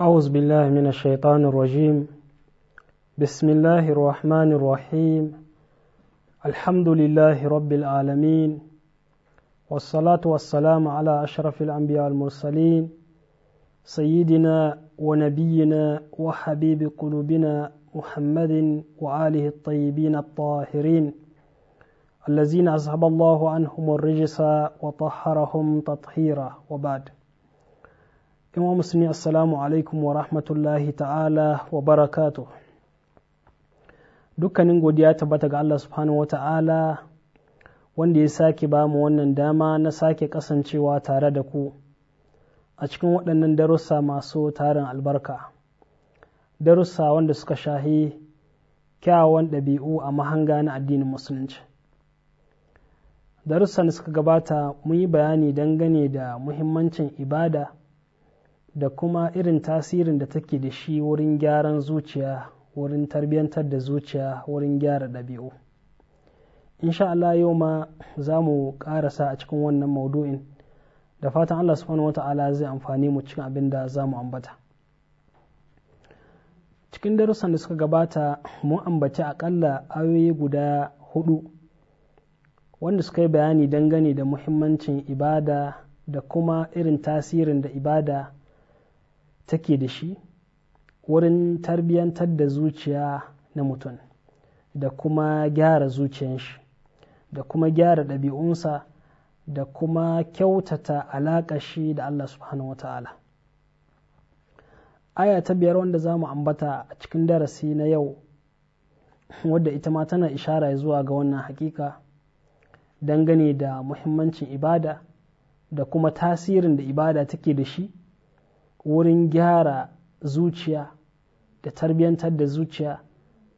أعوذ بالله من الشيطان الرجيم بسم الله الرحمن الرحيم الحمد لله رب العالمين والصلاة والسلام على أشرف الأنبياء المرسلين سيدنا ونبينا وحبيب قلوبنا محمد وآله الطيبين الطاهرين الذين أذهب الله عنهم الرجس وطهرهم تطهيرا وبعد yan musulmi assalamu alaikum wa rahmatullahi ta'ala wa barakatu dukkanin godiya tabbata ga Allah subhanahu wa ta'ala wanda ya sake ba mu wannan dama na sake kasancewa tare da ku a cikin waɗannan darussa masu tarin albarka darussa wanda suka shahi kyawawan ɗabi'u a mahanga na addinin musulunci darussan suka gabata mun yi bayani dangane da muhimmancin ibada da kuma irin tasirin da take da shi wurin gyaran zuciya wurin tarbiyyantar da zuciya wurin gyara ɗabi'u insha Allah yau ma za mu ƙarasa a cikin wannan maudu'in da fatan Allah subhanahu wata'ala zai amfani mu cikin abin da za mu ambata cikin darussan da suka gabata mun ambaci aƙalla ayoyi guda hudu wanda suka yi bayani dangane da muhimmancin ibada da kuma irin tasirin da ibada take da shi wurin tarbiyyantar da zuciya na mutum da kuma gyara zuciyan shi da kuma gyara ɗabi'unsa da kuma kyautata alaƙa shi da Allah subhanahu wata'ala aya ta biyar wanda za mu ambata a cikin darasi na yau wadda ita ma tana ishara zuwa ga wannan hakika dangane da muhimmancin ibada da kuma tasirin da ibada take da shi wurin gyara zuciya da tarbiyantar da zuciya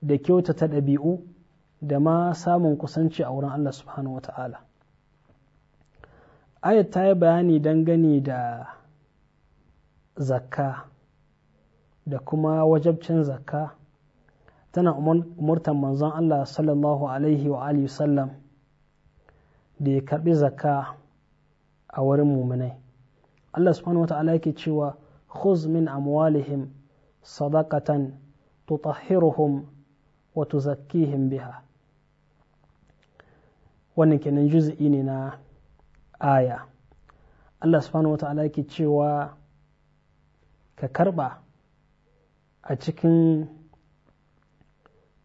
da kyautata ɗabi'u da ma samun kusanci a wurin Allah subhanahu wa ta'ala ayat ta yi bayani dangane da zakka da kuma wajabcin zakka tana umurtar manzon Allah sallallahu alaihi wa alihi sallam da ya karɓi zakka a wurin muminai Allah subhanahu wa ta'ala yake cewa خذ من أموالهم صدقة تطهرهم وتزكيهم بها wannan kenan juz'i ne na aya Allah subhanahu wata'ala yake cewa ka karba a cikin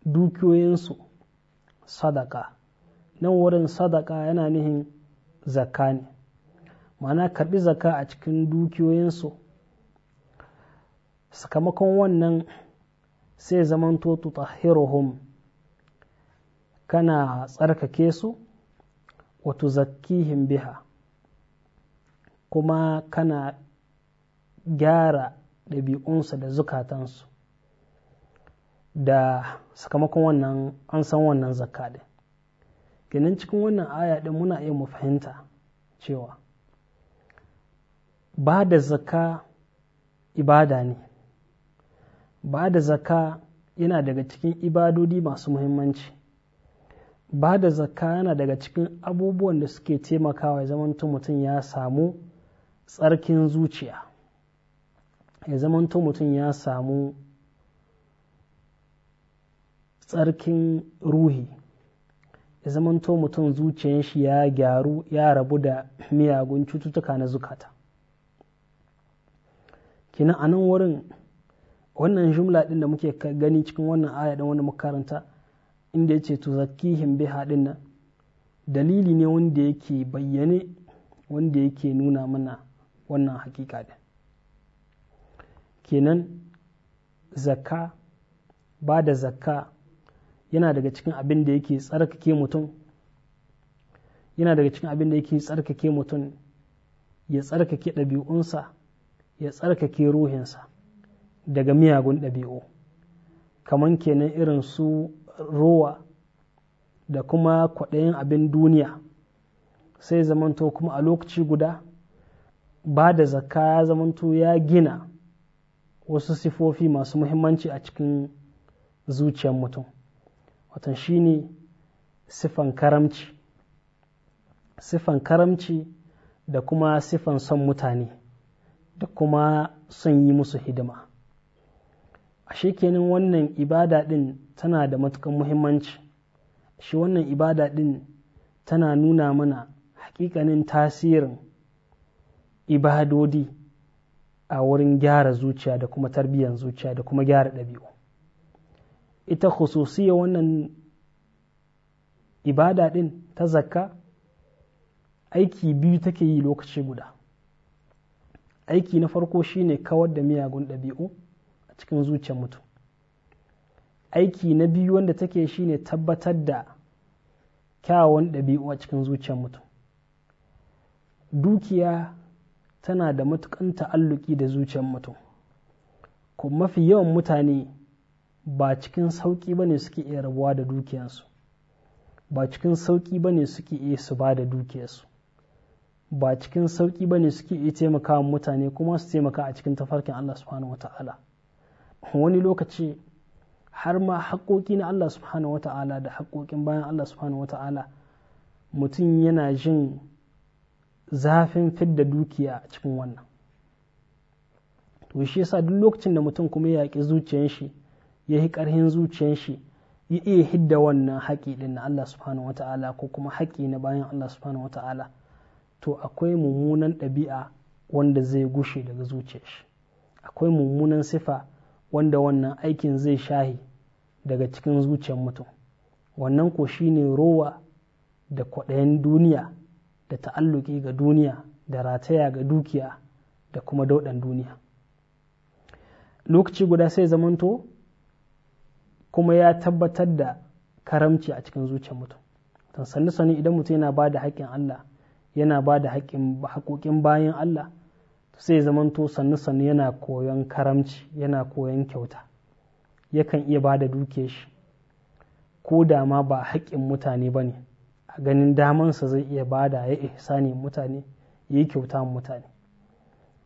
dukiyoyinsu sadaka nan wurin sadaka yana nihin zakka ne ma'ana karbi zakka a cikin dukiyoyinsu sakamakon wannan sai zamanto tutahhiruhum kana tsarkake su wa tuzakkihim biha kuma kana gyara ɗabi'unsa da zukatansu da sakamakon wannan an san wannan zakka ɗin kenan cikin wannan aya ɗin muna iya mu fahimta cewa ba da zakka ibada ne ba da zaka yana daga cikin ibadodi masu muhimmanci ba da zaka yana daga cikin abubuwan da suke taimakawa ya zamanto mutum ya samu tsarkin zuciya ya zamanto mutum ya samu tsarkin ruhi ya zamanto mutum zuciyan shi ya gyaru ya rabu da miyagun cututtuka na zukata kina a nan wurin wannan jumla din da muke gani cikin wannan aya din wanda muka karanta inda yace to zakihim biha din nan dalili ne wanda yake bayyane wanda yake nuna mana wannan hakika din kenan zakka ba da zakka yana daga cikin abin da yake tsarkake mutum yana daga cikin abin da yake tsarkake mutum ya tsarkake ɗabi'unsa ya tsarkake ruhinsa daga miyagun ɗabi'u kaman kenan irin su rowa da kuma kwaɗayin abin duniya sai zamanto kuma a lokaci guda ba da zakka ya zamanto ya gina wasu sifofi masu muhimmanci a cikin zuciyar mutum watan shine sifan karamci sifan karamci da kuma sifan son mutane da kuma son yi musu hidima ashe kenan wannan ibada ɗin tana da matukan muhimmanci shi wannan ibada ɗin tana nuna mana hakikanin tasirin ibadodi a wurin gyara zuciya da kuma tarbiyyar zuciya da kuma gyara ɗabi'u ita khususiyar wannan ibada ɗin ta zakka aiki biyu take yi lokaci guda aiki na farko shine kawar da miyagun ɗabi'u a cikin zuciyar mutum aiki na biyu wanda take shine tabbatar da kyawawan ɗabi'u a cikin zuciyar mutum dukiya tana da matukan ta'alluki da zuciyar mutum kuma mafi yawan mutane ba cikin sauƙi ba ne suke iya rabuwa da dukiyarsu ba cikin sauƙi ba ne suke iya su ba da dukiyarsu ba cikin sauƙi ba ne suke iya taimaka mutane kuma su taimaka a cikin tafarkin Allah subhanahu wa ta'ala wani lokaci har ma haƙoƙi na Allah subhanahu ta'ala da haƙoƙin bayan Allah subhanahu ta'ala mutum yana jin zafin fidda dukiya a cikin wannan to shi yasa duk lokacin da mutum kuma ya yaƙi zuciyan shi ya yi ƙarhin zuciyan shi ya iya hidda wannan haƙi din na Allah subhanahu ta'ala ko kuma haƙi na bayan Allah subhanahu ta'ala to akwai mummunan ɗabi'a wanda zai gushe daga zuciyar shi akwai mummunan sifa wanda wannan aikin zai shahi daga cikin zuciyar mutum wannan ko ne rowa da kwaɗayin duniya da ta'alluki ga duniya da rataya ga dukiya da kuma dauɗan duniya lokaci guda sai zamanto kuma ya tabbatar da karamci a cikin zuciyar mutum don sannu sannu idan mutum yana ba da haƙƙin Allah yana ba da haƙƙin bayan Allah sai zamanto sannu sannu yana koyon karamci yana koyon kyauta yakan iya ba da duke shi ko da ma ba haƙƙin mutane ba ne a ganin damansa zai iya ba da ya ihsani mutane ya yi kyauta mutane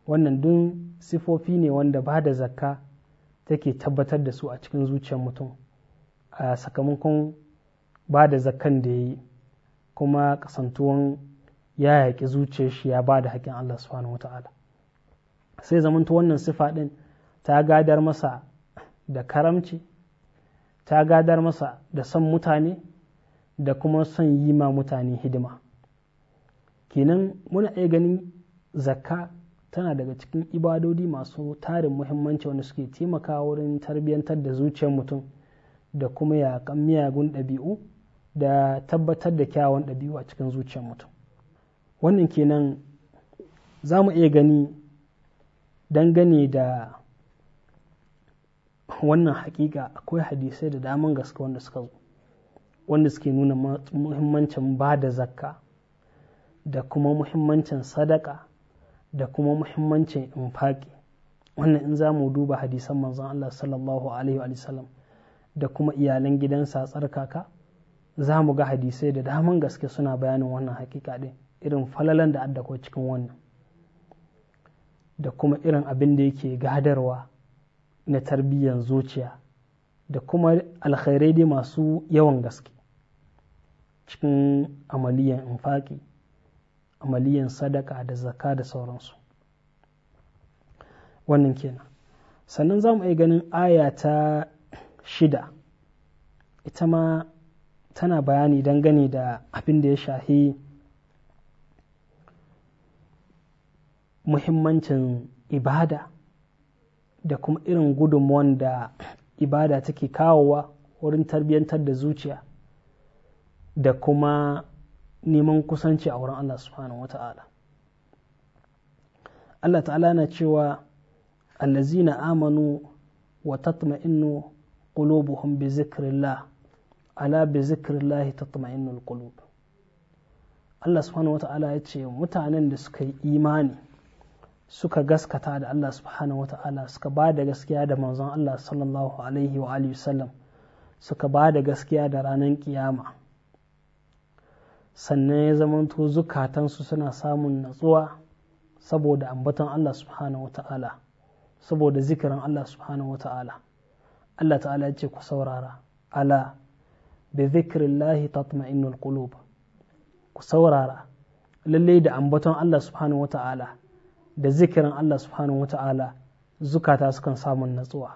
wannan dun sifofi ne wanda ba da zakka take tabbatar da su a cikin zuciyar mutum a sakamakon ba da zakkan da ya yi kuma kasantuwan ya yaƙi zuciyar shi ya ba da haƙƙin Allah subhanahu wa ta'ala sai zamanta wannan sifa ɗin ta gadar masa da karamci ta gadar masa da son mutane da kuma son yi ma mutane hidima kenan muna iya ganin zakka tana daga cikin ibadodi masu tarin muhimmanci wanda suke taimakawa wurin tarbiyyantar da zuciyar mutum da kuma yakan miyagun ɗabi'u da tabbatar da kyawun ɗabi'u a cikin zuciyar mutum wannan kenan za mu iya gani dangane da wannan hakika akwai hadisai da daman gaske wanda suka zo wanda suke nuna muhimmancin ba da zakka da kuma muhimmancin sadaka da kuma muhimmancin infaki wannan in za mu duba hadisan manzon Allah sallallahu alaihi wa sallam da kuma iyalan gidansa tsarkaka za mu ga hadisai da daman gaske suna bayanin wannan hakika din irin falalan da addako cikin wannan da kuma irin abin da yake gadarwa na tarbiyyar zuciya da kuma alkhairai dai masu yawan gaske cikin amaliyan infaki amaliyan sadaka da zaka da sauransu wannan kenan sannan za mu iya ganin aya ta shida ita ma tana bayani dangane da abin da ya shahi muhimmancin ibada da kuma irin gudunmuwan da ibada take kawowa wurin tarbiyyantar da zuciya da kuma neman kusanci a wurin Allah subhanahu wata'ala Allah ta'ala na cewa allazina amanu wa tatma'innu qulubuhum bi zikrillah ala bi zikrillah tatma'innu qulub Allah subhanahu wata'ala ya ce mutanen da suka yi imani suka gaskata da Allah subhanahu wata'ala suka ba da gaskiya da manzon Allah sallallahu alaihi wa alihi suka ba da gaskiya da ranar kiyama sannan ya zamanto zukatansu suna samun natsuwa saboda ambaton Allah subhanahu wata'ala saboda zikirin Allah subhanahu wata'ala Allah ta'ala ya ce ku saurara ala bi zikrillahi tatma'innul qulub ku saurara lalle da ambaton Allah subhanahu wata'ala da zikirin Allah subhanahu wata'ala zukata sukan samun natsuwa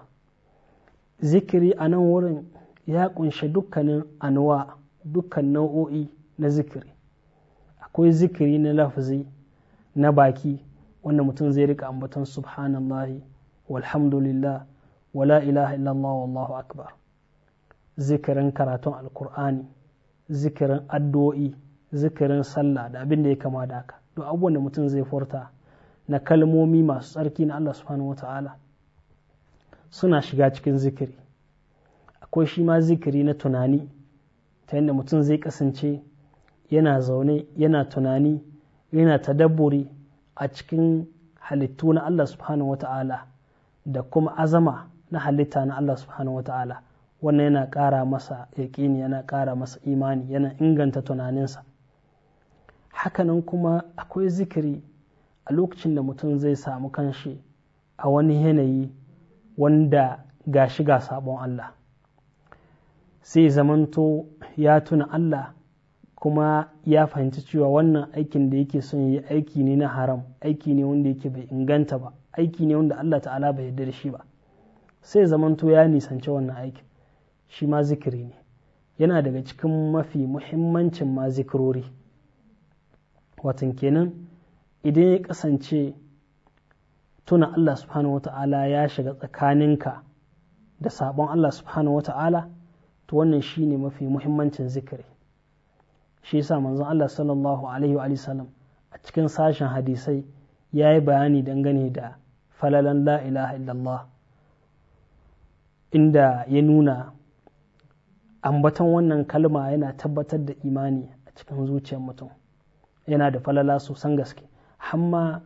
zikiri a nan wurin ya kunshi dukkanin anuwa dukkan nau'o'i na zikiri akwai zikiri na lafazi na baki wanda mutum zai rika ambaton subhanallahi walhamdulillah wala ilaha illallah wallahu akbar zikirin karatun alkur'ani zikirin addu'o'i zikirin sallah da abin da ya kama da haka duk abubuwan da mutum zai furta na kalmomi masu tsarki na Allah subhanahu wa ta'ala suna shiga cikin zikiri akwai shi ma zikiri na tunani ta yadda mutum zai kasance yana zaune yana tunani yana tadabburi a cikin halittu na Allah subhanahu wa ta'ala da kuma azama na halitta na Allah subhanahu wa ta'ala wannan yana ƙara masa yaƙini yana ƙara masa imani yana inganta tunaninsa hakanan kuma akwai zikiri a lokacin da mutum zai samu kanshi a wani yanayi wanda ga shi ga sabon Allah sai zamanto ya tuna Allah kuma ya fahimci cewa wannan aikin da yake son yi aiki ne na haram aiki ne wanda yake bai inganta ba aiki ne wanda Allah ta'ala bai yarda da shi ba sai zamanto ya nisanci wannan aikin shi ma zikiri ne yana daga cikin mafi muhimmancin ma zikirori watan kenan idan ya kasance tuna Allah subhanahu wata'ala ya shiga tsakaninka da sabon Allah subhanahu wata'ala to wannan shine mafi muhimmancin zikiri shi yasa manzon Allah sallallahu alaihi wa sallam a cikin sashen hadisai ya yi bayani dangane da falalan la ilaha illallah inda ya nuna ambaton wannan kalma yana tabbatar da imani a cikin zuciyar mutum yana da falala sosan gaske hamma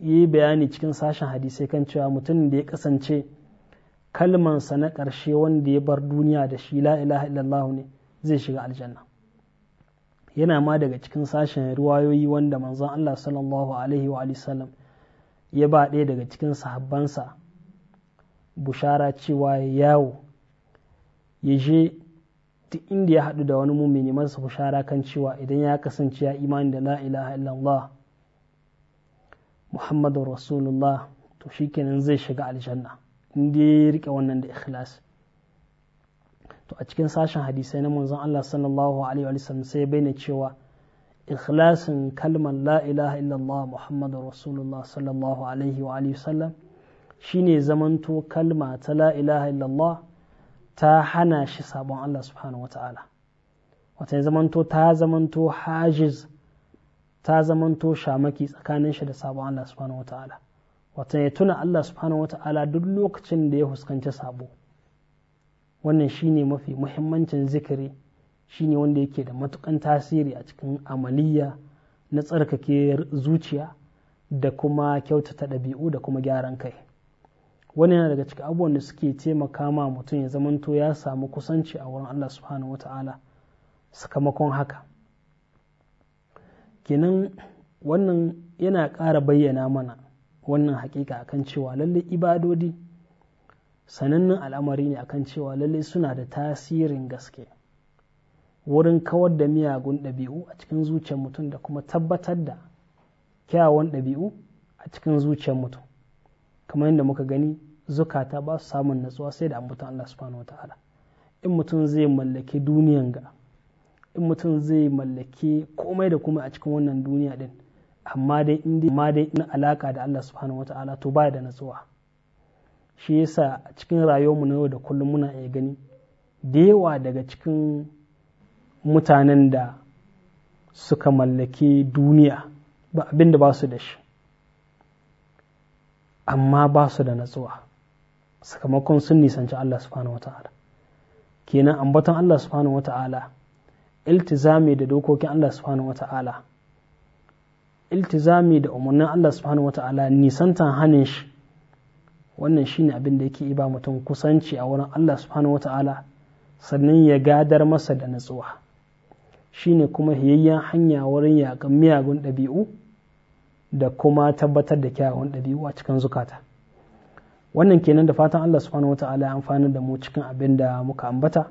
ya yi bayani cikin sashen hadisai kan cewa mutumin da ya kasance sa na karshe wanda ya bar duniya da shi la ilaha illallah ne zai shiga aljanna yana ma daga cikin sashen ruwayoyi wanda manzon Allah sallallahu alaihi wa sallam ya ba ɗaya daga cikin sahabbansa bushara cewa yawo ya je duk inda ya haɗu da wani mumini masa bushara kan cewa idan ya kasance ya imani da la ilaha illallah muhammadu rasulullah to shikenan zai shiga aljanna inda ya rike wannan da ikhlas to a cikin sashen hadisai na manzon Allah sallallahu alaihi wa sallam sai bayyana cewa ikhlasin kalmar la ilaha illallah muhammadu rasulullah sallallahu alaihi wa sallam shine zamanto kalma ta la ilaha illallah ta hana shi sabon Allah subhanahu wataala wata zamanto ta zamanto hajiz ta zamanto shamaki tsakanin shi da sabon Allah subhanahu ta'ala wata ya tuna Allah subhanahu ta'ala duk lokacin da ya fuskanci sabo wannan shine mafi muhimmancin zikiri shine wanda yake da matukan tasiri a cikin amaliya na tsarkake zuciya da kuma kyautata ɗabi'u da kuma gyaran kai wani yana daga cikin abubuwan da suke taimaka ma mutum ya zamanto ya samu kusanci a wurin Allah subhanahu ta'ala sakamakon haka kenan wannan yana ƙara bayyana mana wannan hakika akan cewa lallai ibadodi sanannen al'amari ne akan cewa lallai suna da tasirin gaske wurin kawar da miyagun ɗabi'u a cikin zuciyar mutum da kuma tabbatar da kyawawan ɗabi'u a cikin zuciyar mutum kamar yadda muka gani zukata ba su samun natsuwa sai da ambaton Allah subhanahu in mutum zai mallaki duniyan ga in mutum zai mallaki komai da komai a cikin wannan duniya din amma dai in dai ina alaka da Allah subhanahu wata'ala to ba da natsuwa shi yasa a cikin rayuwarmu na yau da kullum muna iya gani da yawa daga cikin mutanen da suka mallaki duniya ba basu da ba su da shi amma ba su da natsuwa sakamakon sun nisanci Allah subhanahu wata'ala kenan ambaton Allah subhanahu wata'ala iltizami da dokokin Allah subhanahu ta’ala iltizami da umarnin Allah subhanahu wata'ala nisantan hannun shi wannan shine abin da yake iba mutum kusanci a wurin Allah subhanahu ta’ala sannan ya gadar masa da natsuwa shine kuma hiyayyen hanya wurin yaƙan miyagun ɗabi'u da kuma tabbatar da kyawun ɗabi'u a cikin zukata wannan kenan da fatan Allah subhanahu ta’ala ya amfana da mu cikin abin da muka ambata